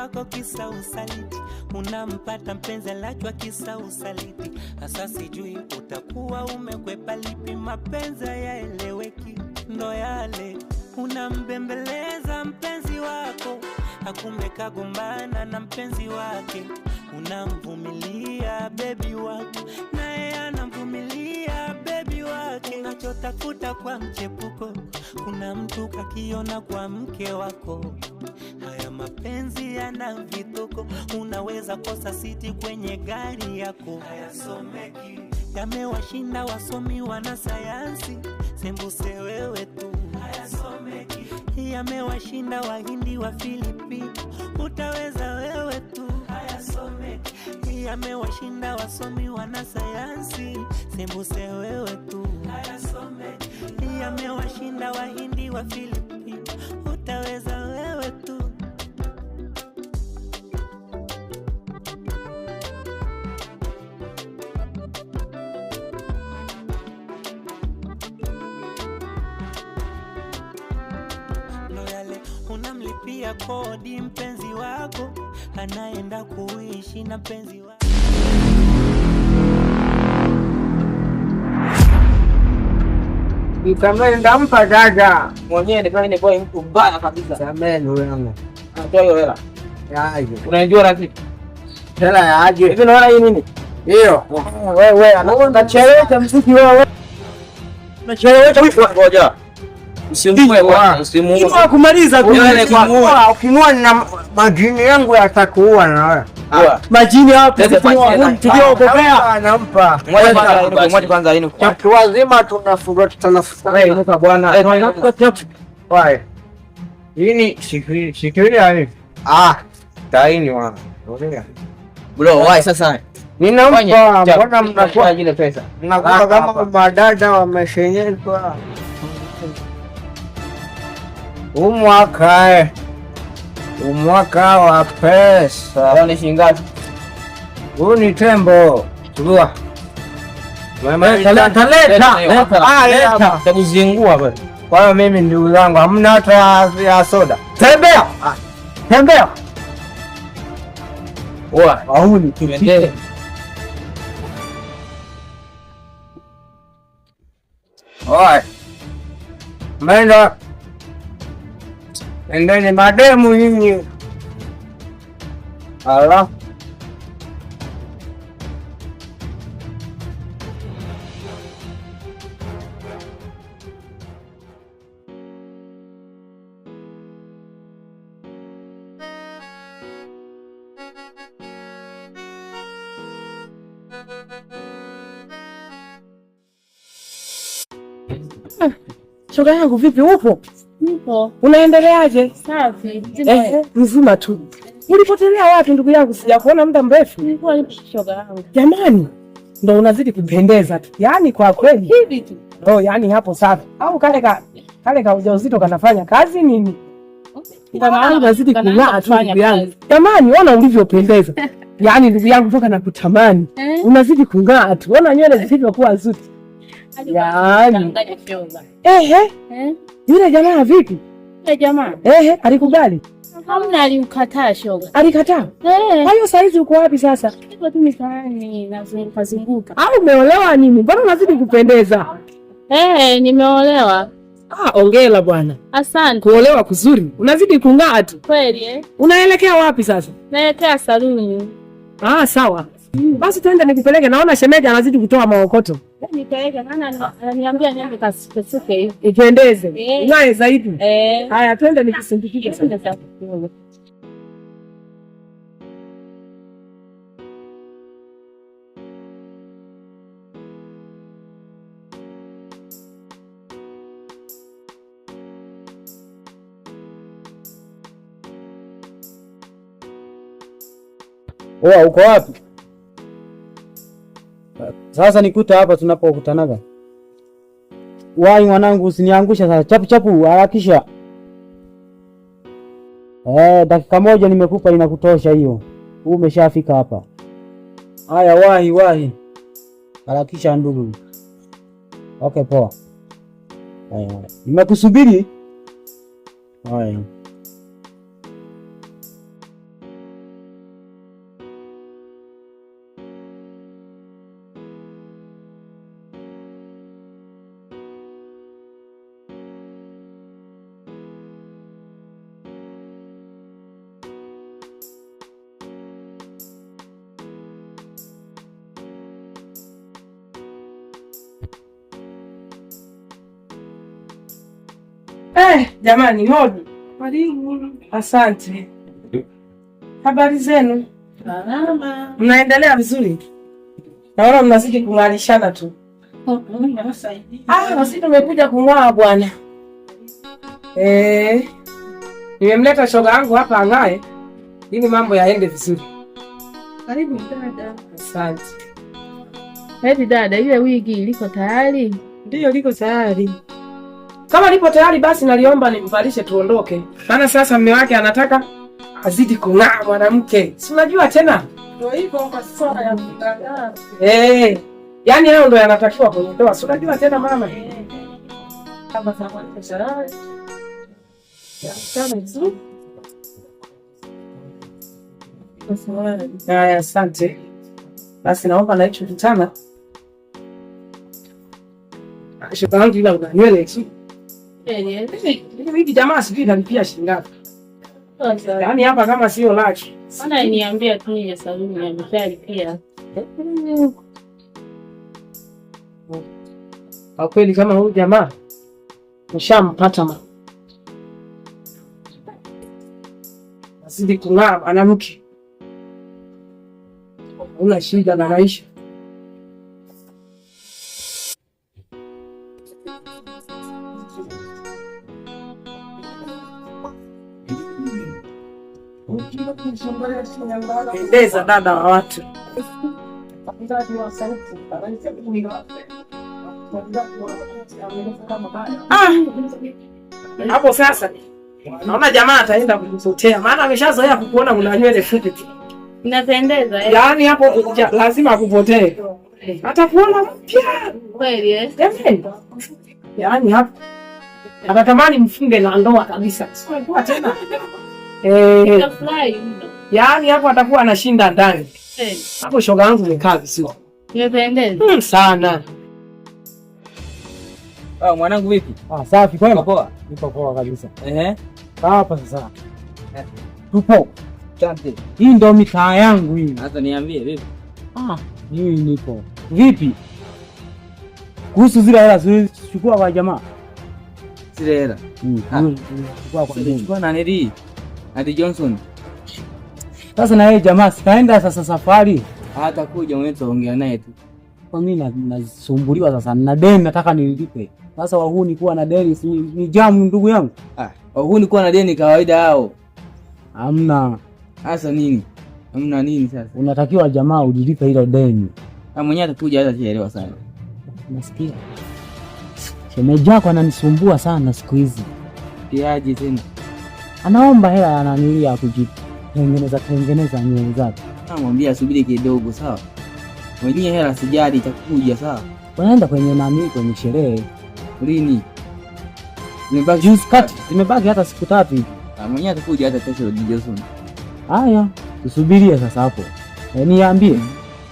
wako kisa usaliti, unampata mpenzi alachwa kisa usaliti. Hasa sijui utakuwa umekwepa lipi, mapenzi yaeleweki ndo yale unambembeleza mpenzi wako, akumekagombana na mpenzi wake, unamvumilia bebi wako, naye anamvumilia unachotafuta kwa mchepuko, kuna mtu kakiona kwa mke wako. Haya mapenzi yana vituko, unaweza kosa siti kwenye gari yako. Hayasomeki, yamewashinda wasomi wana sayansi, sembuse wewe tu. Hayasomeki, yamewashinda wahindi wa Filipino, utaweza wewe tu. Hayasomeki sayansi amewashinda wasomi wana sayansi, sembuse wewe tu amewashinda Wahindi wa filipin utaweza wewe tu. Loyale, unamlipia kodi mpenzi wako anaenda kuishi na penzi Nikamwambia ndampa dada. Mwenyewe ndio ni boy mtu mbaya kabisa. Sameni wewe wangu. Anatoa hiyo hela. Yaje. Unajua rafiki. Hela yaje. Hivi Naona hii nini? Hiyo. Wewe wewe anachelewesha mziki wewe. unachelewa mtu ngoja kumaliza ukimua na majini yangu yatakuua na wewe. Ah. Ah. Majini hapo tuliogopea ah. wazima tunafuruta tunafuta. bwana. Hii shikiri taini Bro, sasa. Ninampa mbona mnakuwa Mnakuwa kama madada wameshenyetwa. Umwaka eh. umwaka wa pesa ni shingapi? Huu ni tembo tulua ah, takuzingua bwana. Kwa hiyo mimi ndugu zangu, hamna hata ya soda. Tembea ah. tembea, എന്റെ മടേ മുഴിഞ്ഞു അതോ Jogar é algo vivo, ovo. Nipo. Unaendeleaje? Safi. Eh, mzima tu. Ulipotelea wapi ndugu yangu? Sijakuona muda mrefu. Nilikuwa nipo shoga yangu. Jamani, ndo unazidi kupendeza tu. Yaani kwa kweli. Hivi tu. Oh, yaani hapo safi. Au kale ka kale ka ujauzito kanafanya kazi nini? Ndio unazidi kung'aa tu ndugu yangu. Jamani, ona ulivyopendeza. Yaani ndugu yangu toka nakutamani. Eh? Unazidi kung'aa tu. Ona nywele zilivyokuwa nzuri. Yaani. Ehe. Eh. Yule jamaa vipi? Yule jamaa. Ehe, alikubali? Hamna, alimkataa shoga. Alikataa? Eh. Kwa hiyo saizi uko wapi sasa? Niko tu mitaani nazunguka zunguka. Au umeolewa nini? Mbona unazidi kupendeza? Eh, nimeolewa. Ah, ongela bwana. Asante. Kuolewa kuzuri. Unazidi kung'aa tu. Kweli eh. Unaelekea wapi sasa? Naelekea saluni. Ah, sawa. Mm. Basi twende nikupeleke, naona shemeji anazidi kutoa maokoto. Yaani Ipendeze eh. ngae zaidi. Eh. Haya, twende nikusindikize sana. Uko wapi? Sasa nikuta hapa tunapokutanaga. Wai mwanangu, usiniangusha sasa, chapu chapu, harakisha. Eh, dakika moja nimekupa inakutosha hiyo. Wewe umeshafika hapa. Haya, wahi wahi, harakisha ndugu. Okay, poa. Haya, nimekusubiri. Haya. Jamani, hodi. Mwalimu. Asante. Habari zenu? Salama. Mnaendelea vizuri? Naona mnazidi kung'alishana tu. Oh, ah, sisi tumekuja kung'aa bwana. Eh, nimemleta shoga yangu hapa ang'ae ili mambo yaende vizuri. Karibu dada. Asante. Hadi dada, ile wigi liko tayari? Ndiyo, liko tayari. Kama lipo tayari basi naliomba nimvalishe tuondoke. Maana sasa mume wake anataka azidi kung'aa mwanamke. Si unajua tena? Ndio hivyo kwa sasa ya kung'aa. Eh. Yaani hayo ndio yanatakiwa kwenye ndoa. Si unajua tena mama? Kama sawa sana. Ya kama tu. Haya, asante. Basi naomba na hicho kitana. Shukrani bila unanywele hivi jamaa sijui nalipia shilingi ngapi? Oh, yaani hapa kama sio laki. Bana niambia tu ya saluni na mshari pia. Kwa kweli kama huyu jamaa nishampata ma. Azidi kung'aa mwanamke. Una shida na maisha. pendeza dada wa watu. Ah! Hapo sasa naona jamaa ataenda kukupotea, maana ameshazoea kukuona una nywele fupi inapendeza eh. Yaani hapo ya, lazima akupotee, atakuona mpya kweli eh, yaani hapo atatamani mfunge na ndoa kabisa, sio tena eh Yaani hapo atakuwa anashinda ndani Eh. hapo. Shoga yangu ni kazi sio? vizuri Mm, sana. Ah, mwanangu vipi? Ah, safi kwema. Poa. Niko poa kabisa. Eh. Hapa sasa. Eh. Tupo. Asante. Hii ndio mitaa yangu hii. Sasa niambie vipi? Ah, mimi niko. Vipi? Kuhusu zile hela zilizochukua kwa jamaa. Zile hela. Mm. Zilizochukua ah. hmm, hmm, kwa nani? Chukua na Neri. Ati Johnson. Sasa na yeye jamaa sikaenda sasa safari. Hatakuja mwenyewe tutaongea naye tu. Kwa mimi nasumbuliwa sasa na deni nataka nilipe. Sasa wahuni kuwa na deni si ni jamu ndugu yangu. Ah, wahuni kuwa na deni kawaida hao. Hamna. Sasa nini? Hamna nini sasa? Unatakiwa jamaa ujilipe hilo deni. Na ah, mwenyewe atakuja hata sielewa sana. Nasikia. Shemeji yako ananisumbua sana siku hizi. Piaji tena? Anaomba hela ananilia kujipa kutengeneza tengeneza nywele zake. Namwambia asubiri kidogo, sawa. Mwenyewe hela sijali, itakuja sawa. Wanaenda kwenye nani, kwenye sherehe lini? Zimebaki hata siku tatu hivi. Ah, mwenyewe atakuja hata kesho. Haya, tusubirie sasa. Hapo E, niambie hmm.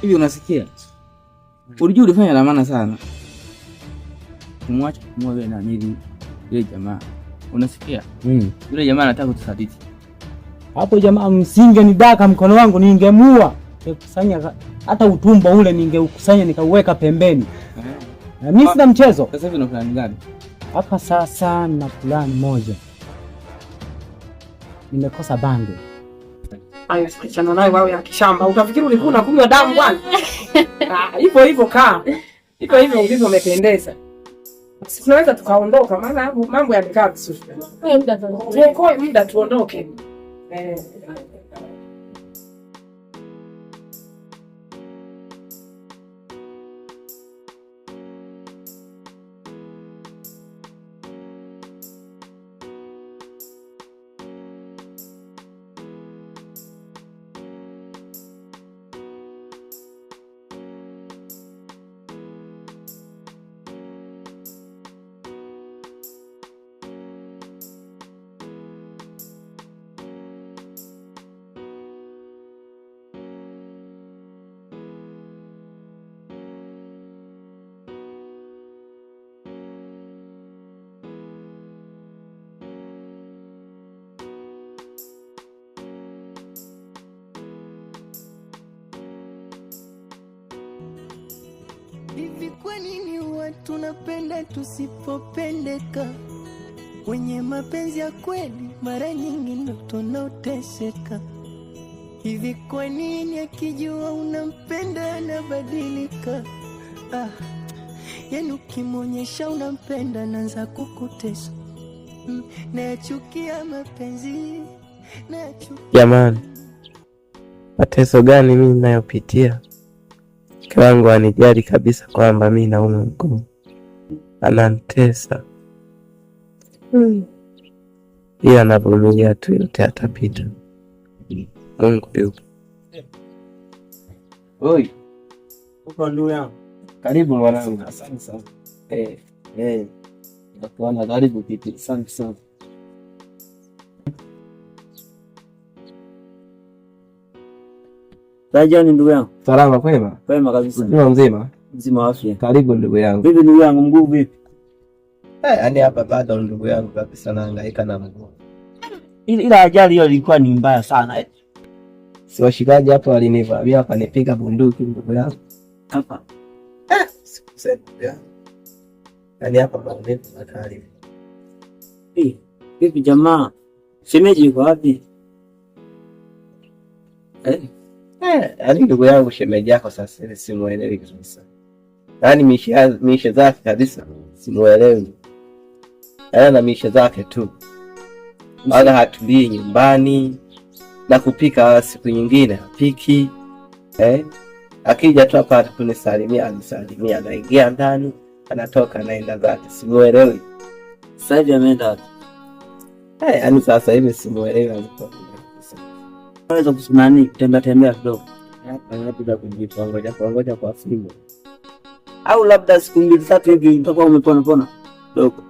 hivi, unasikia? Ulijua ulifanya la maana sana kumwacha kumwaga na nili yule jamaa, unasikia? Mm. Yule jamaa anataka kutusaliti hapo jamaa msingenidaka mkono wangu ningemua, ningekusanya hata utumbo ule ningeukusanya nikauweka pembeni. Eh. Na mimi sina mchezo. Sasa hivi una plan gani? Hapa sasa na plan moja, nimekosa bango. Ayo, sikichana nayo wao ya kishamba, utafikiri ulikuwa unakunywa damu bwana. Ah, hivyo hivyo kaa hivyo hivyo ulivyo, umependeza. Tunaweza tukaondoka, maana mambo yamekaa vizuri, muda tuondoke. Gracias. Hivi kwa nini watu napenda tusipopendeka? Wenye mapenzi ya kweli mara nyingi ndo tunaoteseka. Hivi kwa nini akijua unampenda anabadilika? Ah, yani ukimwonyesha unampenda naanza kukutesa. Mm, nayachukia mapenzi, nayachukia jamani, mateso gani mimi ninayopitia. Mke wangu anijali kabisa kwamba mi naumwa mgumu anantesa mm. Hiyo anavumilia tu, yote atapita. Mungu yupo. Oi. Uko ndugu yangu. Karibu mwanangu. Asante sana. Eh, eh. Karibu pipi. Asante sana. Rajani ndugu yangu. Salama kwema? Kwema kabisa. Mzima mzima. Mzima afya. Karibu ndugu yangu. Vipi ndugu yangu mguu vipi? Eh, yani hapa bado ndugu yangu kabisa nahangaika na mguu. Ila ajali hiyo ilikuwa ni mbaya sana. Eh? Si washikaji hapo walinivamia wakanipiga bunduki ndugu yangu. Hapa. Eh, sikusema ya. Yani yaani hapa maumivu makali. Eh, vipi jamaa? Shemeji yuko wapi? Eh? Eh, yaani ndugu yangu shemeji yako sasa hivi yaani simuelewi kabisa, yaani miisha zake kabisa simuelewi, yaani ana miisha zake tu, wala hatulii nyumbani na kupika, siku nyingine hapiki eh? Akija tu hapa kunisalimia, anisalimia, anaingia ndani, anatoka, anaenda zake, simuelewi. Sasa hivi ameenda wapi? Eh, yaani sasa hivi simuelewi alipo naweza kusunani kutembea tembea kidogo, ngoja ngoja kwa fimbo au labda siku mbili tatu hivi utakuwa umepona pona kidogo.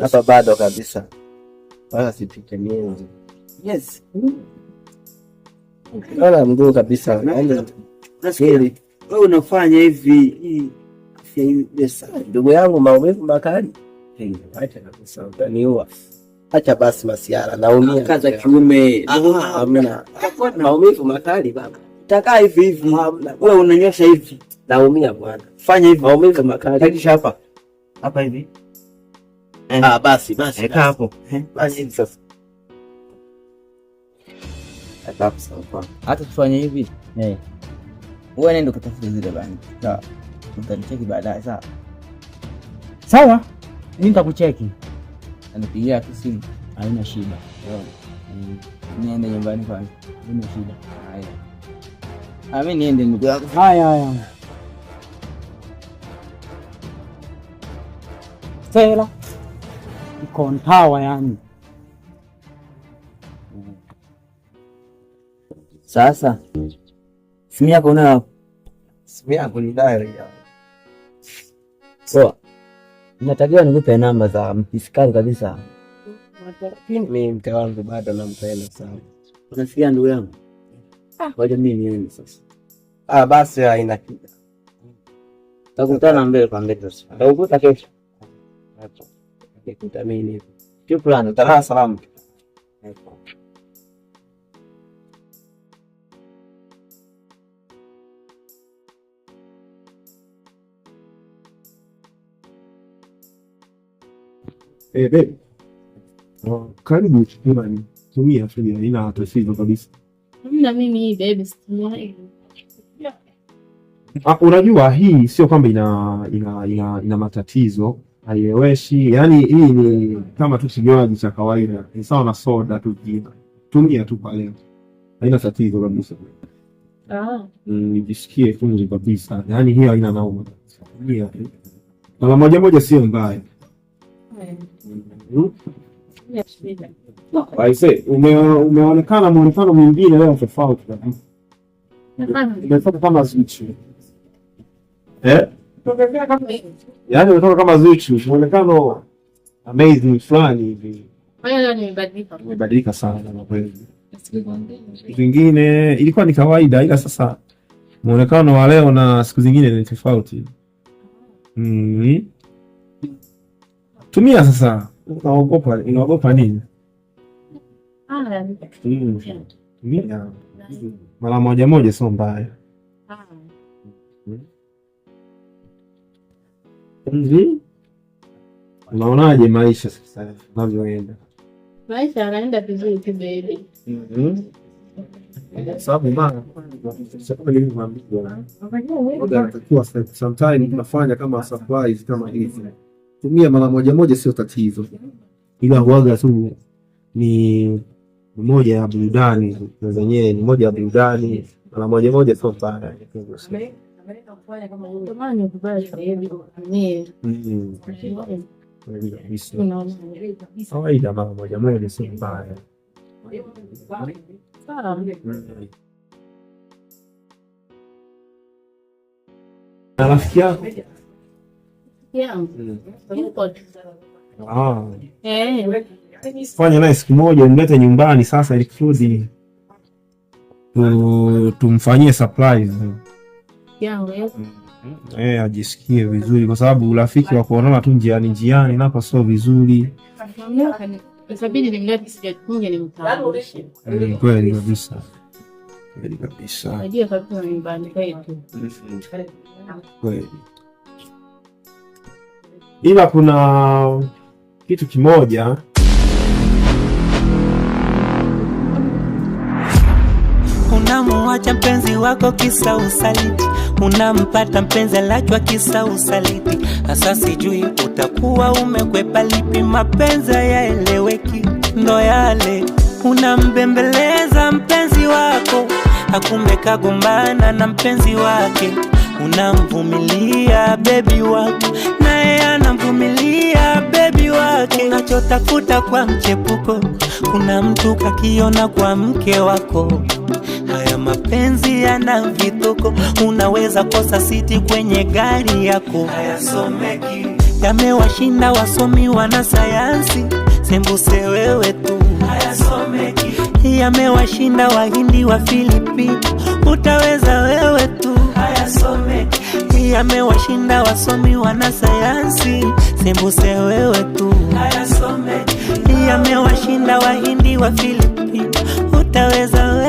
Hapa bado kabisa, wala sipite miezi. Yes, wala mguu kabisa. Wewe unafanya hivi ndugu yangu, maumivu makali, acha kabisa, utaniua. Acha basi masiara, naumia. Kaza kiume. Hamna. Maumivu makali baba. Takaa hivi hivi. Wewe unanyosha hivi. Naumia bwana. Fanya hivi. Maumivu makali. Hakisha hapa. Hapa hivi. Eh. Ah, basi basi. Eka eh, hapo. Eh, basi hivi sasa. Hata tufanye hivi. Eh. Wewe nenda katafute zile bangi. Sawa. Utanicheki baadaye, sawa? Sawa. Mimi nitakucheki anapigia tu simu, haina shida, niende nyumbani kwanza, haina shida. Haya, mi niende ndugu yangu. Haya haya, Stela iko ntawa, yani sasa simu yako unayo? Simu yangu ni dari. Poa. Natakiwa nikupe namba za mpisikali kabisa. Mi mke wangu bado nampenda sana. Unasikia ndugu yangu? Ah. Ngoja mi niende sasa. Ah, basi haina shida. Takutana mbele kwa mbele sasa. Tutakuta kesho. Shukrani, utalala Eh, oh, karibu nichukua nitumia friji haina kabisa. Na mimi hii ah, unajua hii sio kwamba ina, ina, ina, ina matatizo haieleweshi, yaani hii ni kama tu kinywaji cha kawaida, ni sawa na soda tu jina. Tumia tu pale, haina tatizo kabisa. Ah. Mm, nijisikie funzi kabisa, yaani hii haina nauma. mara moja moja, sio mbaya umeonekana mwonekano mwingine leo tofauti kabisa. Eh? Yaani umetoka kama Zuchu. mwonekano amazing fulani hivi. Umebadilika sana kweli. zingine ilikuwa ni kawaida, ila sasa mwonekano wa leo na siku zingine ni tofauti. Mm. Tumia sasa. Unaogopa, inaogopa nini? Mm. Tumia mara moja moja, sio mbaya. Unaonaje maisha sasa hivi unavyoenda? Maisha yanaenda vizuri tu baby. Mm-hmm. Sababu mbaya. nafanya kama surprise kama hizi tumia mara moja moja, sio tatizo, ila huaga tu ni moja ya burudani zenyewe, ni moja ya burudani. Mara moja moja sio mbaya. Kawaida mara moja moja sio mbaya. Rafiki yako Mm. Ah. Eh. fanya naye siku moja, umlete nyumbani sasa, ili kusudi tumfanyie surprise mm-hmm. eh, ajisikie vizuri, kwa sababu urafiki wa kuonana tu njiani njiani nako sio vizuri. Yaani mm, kweli kabisa, kweli kabisa, ila kuna kitu kimoja Unamuacha mpenzi wako kisa usaliti, unampata mpenzi alachwa kisa usaliti. Sasa sijui utakuwa umekwepa lipi, mapenzi yaeleweki, ndo yale unambembeleza mpenzi wako, akumbe kagombana na mpenzi wake Unamvumilia bebi wako, naye anamvumilia bebi wake. Unachotafuta kwa mchepuko, kuna mtu kakiona kwa mke wako. Haya mapenzi yana vituko, unaweza kosa siti kwenye gari yako. Hayasomeki, yamewashinda wasomi wana sayansi, sembuse wewe tu. Hayasomeki, yamewashinda wahindi wa Filipino, utaweza wewe wasome, hii amewashinda wasomi sayansi sembuse wewe tu hii amewashinda wahindi wa Filipino, utaweza